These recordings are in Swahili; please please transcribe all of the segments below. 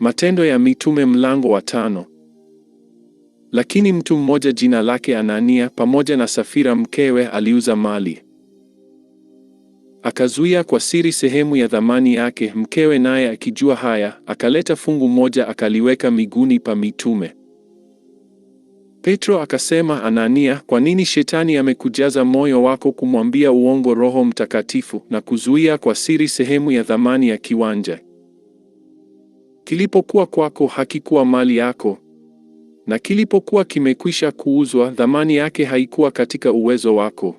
Matendo ya Mitume mlango wa tano. Lakini mtu mmoja jina lake Anania pamoja na Safira mkewe aliuza mali. Akazuia kwa siri sehemu ya dhamani yake, mkewe naye akijua haya, akaleta fungu moja akaliweka miguuni pa mitume. Petro akasema, Anania, kwa nini shetani amekujaza moyo wako kumwambia uongo Roho Mtakatifu na kuzuia kwa siri sehemu ya dhamani ya kiwanja? Kilipokuwa kwako hakikuwa mali yako, na kilipokuwa kimekwisha kuuzwa, thamani yake haikuwa katika uwezo wako.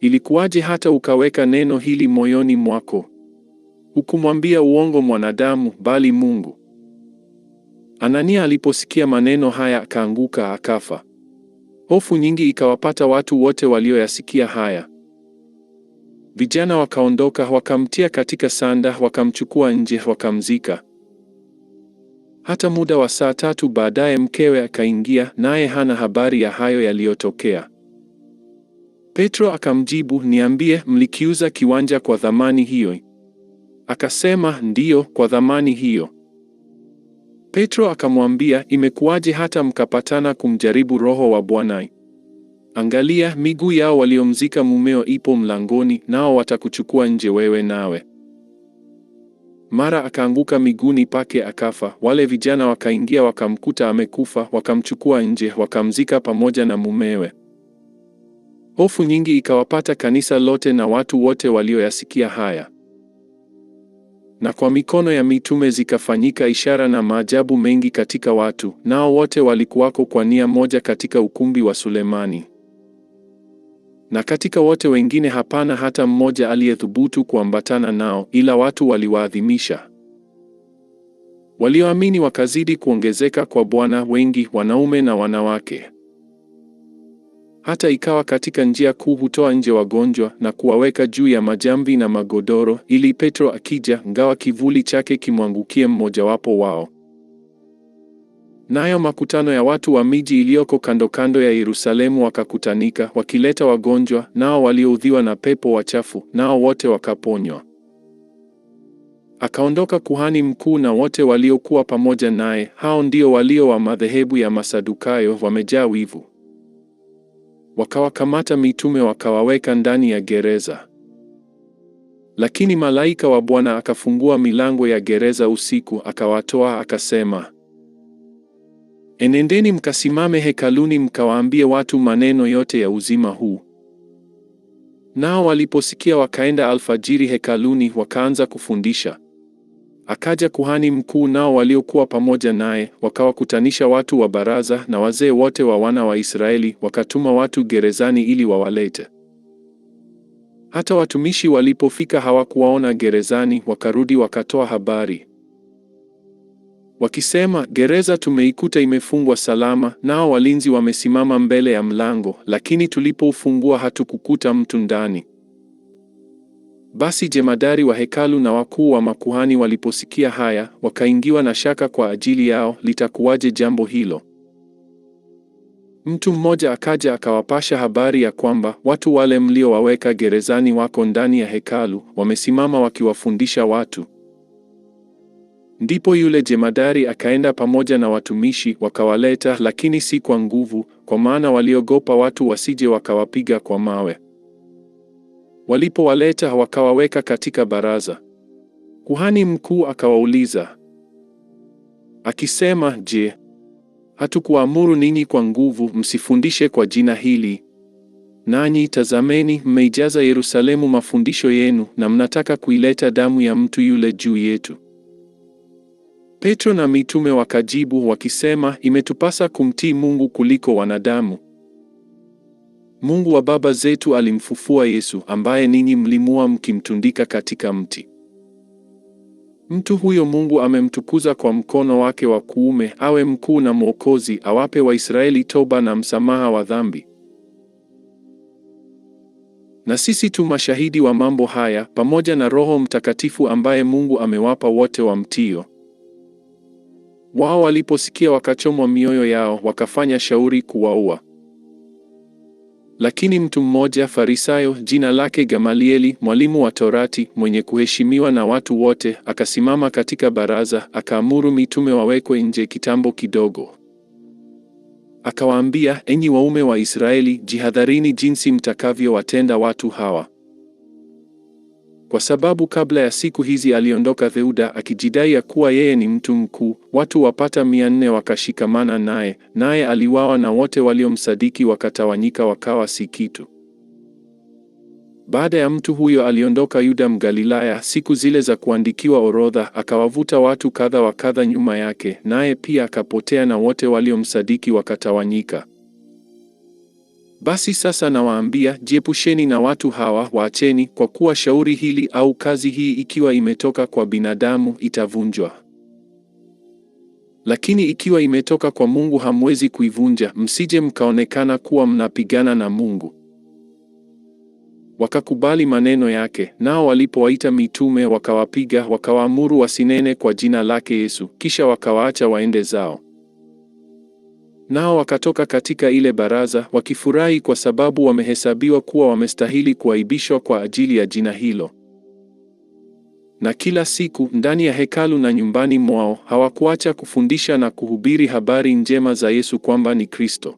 Ilikuwaje hata ukaweka neno hili moyoni mwako? Hukumwambia uongo mwanadamu, bali Mungu. Anania aliposikia maneno haya akaanguka akafa. Hofu nyingi ikawapata watu wote walioyasikia haya. Vijana wakaondoka wakamtia katika sanda, wakamchukua nje, wakamzika. Hata muda wa saa tatu baadaye mkewe akaingia, naye hana habari ya hayo yaliyotokea. Petro akamjibu, niambie, mlikiuza kiwanja kwa dhamani hiyo? Akasema, ndiyo, kwa dhamani hiyo. Petro akamwambia, imekuwaje hata mkapatana kumjaribu Roho wa Bwana? Angalia, miguu yao waliomzika mumeo ipo mlangoni, nao watakuchukua nje wewe nawe. Mara akaanguka miguuni pake akafa. Wale vijana wakaingia wakamkuta amekufa, wakamchukua nje, wakamzika pamoja na mumewe. Hofu nyingi ikawapata kanisa lote na watu wote walioyasikia haya. Na kwa mikono ya mitume zikafanyika ishara na maajabu mengi katika watu, nao wote walikuwako kwa nia moja katika ukumbi wa Sulemani na katika wote wengine hapana hata mmoja aliyethubutu kuambatana nao, ila watu waliwaadhimisha. Walioamini wakazidi kuongezeka kwa Bwana, wengi wanaume na wanawake. Hata ikawa katika njia kuu hutoa nje wagonjwa na kuwaweka juu ya majamvi na magodoro, ili Petro akija, ngawa kivuli chake kimwangukie mmojawapo wao, Nayo makutano ya watu wa miji iliyoko kando kando ya Yerusalemu wakakutanika, wakileta wagonjwa, nao walioudhiwa na pepo wachafu, nao wote wakaponywa. Akaondoka kuhani mkuu na wote waliokuwa pamoja naye, hao ndio walio wa madhehebu ya Masadukayo, wamejaa wivu. Wakawakamata mitume wakawaweka ndani ya gereza. Lakini malaika wa Bwana akafungua milango ya gereza usiku, akawatoa akasema Enendeni mkasimame hekaluni mkawaambie watu maneno yote ya uzima huu. Nao waliposikia wakaenda alfajiri hekaluni wakaanza kufundisha. Akaja kuhani mkuu nao waliokuwa pamoja naye wakawakutanisha watu wa baraza na wazee wote wa wana wa Israeli, wakatuma watu gerezani ili wawalete. Hata watumishi walipofika hawakuwaona gerezani, wakarudi wakatoa habari wakisema, gereza tumeikuta imefungwa salama, nao walinzi wamesimama mbele ya mlango, lakini tulipoufungua hatukukuta mtu ndani. Basi jemadari wa hekalu na wakuu wa makuhani waliposikia haya, wakaingiwa na shaka kwa ajili yao, litakuwaje jambo hilo? Mtu mmoja akaja akawapasha habari ya kwamba watu wale mliowaweka gerezani wako ndani ya hekalu, wamesimama wakiwafundisha watu. Ndipo yule jemadari akaenda pamoja na watumishi wakawaleta, lakini si kwa nguvu, kwa maana waliogopa watu wasije wakawapiga kwa mawe. Walipowaleta wakawaweka katika baraza. Kuhani mkuu akawauliza akisema, Je, hatukuamuru ninyi kwa nguvu msifundishe kwa jina hili? Nanyi tazameni, mmeijaza Yerusalemu mafundisho yenu, na mnataka kuileta damu ya mtu yule juu yetu. Petro na mitume wakajibu wakisema, imetupasa kumtii Mungu kuliko wanadamu. Mungu wa baba zetu alimfufua Yesu ambaye ninyi mlimua mkimtundika katika mti. Mtu huyo Mungu amemtukuza kwa mkono wake wa kuume awe mkuu na mwokozi, awape Waisraeli toba na msamaha wa dhambi. Na sisi tu mashahidi wa mambo haya pamoja na Roho Mtakatifu ambaye Mungu amewapa wote wamtio. Wao waliposikia wakachomwa mioyo yao, wakafanya shauri kuwaua. Lakini mtu mmoja Farisayo, jina lake Gamalieli, mwalimu wa Torati, mwenye kuheshimiwa na watu wote, akasimama katika baraza, akaamuru mitume wawekwe nje kitambo kidogo. Akawaambia, enyi waume wa Israeli, jihadharini jinsi mtakavyowatenda watu hawa kwa sababu kabla ya siku hizi aliondoka Theuda akijidai ya kuwa yeye ni mtu mkuu. Watu wapata mia nne wakashikamana naye, naye aliwawa na wote waliomsadiki wakatawanyika wakawa si kitu. Baada ya mtu huyo aliondoka Yuda Mgalilaya, siku zile za kuandikiwa orodha, akawavuta watu kadha wa kadha nyuma yake, naye pia akapotea na wote waliomsadiki wakatawanyika. Basi sasa nawaambia, jiepusheni na watu hawa, waacheni, kwa kuwa shauri hili au kazi hii ikiwa imetoka kwa binadamu itavunjwa, lakini ikiwa imetoka kwa Mungu hamwezi kuivunja, msije mkaonekana kuwa mnapigana na Mungu. Wakakubali maneno yake, nao walipowaita mitume wakawapiga, wakawaamuru wasinene kwa jina lake Yesu, kisha wakawaacha waende zao. Nao wakatoka katika ile baraza wakifurahi kwa sababu wamehesabiwa kuwa wamestahili kuaibishwa kwa ajili ya jina hilo. Na kila siku ndani ya hekalu na nyumbani mwao hawakuacha kufundisha na kuhubiri habari njema za Yesu kwamba ni Kristo.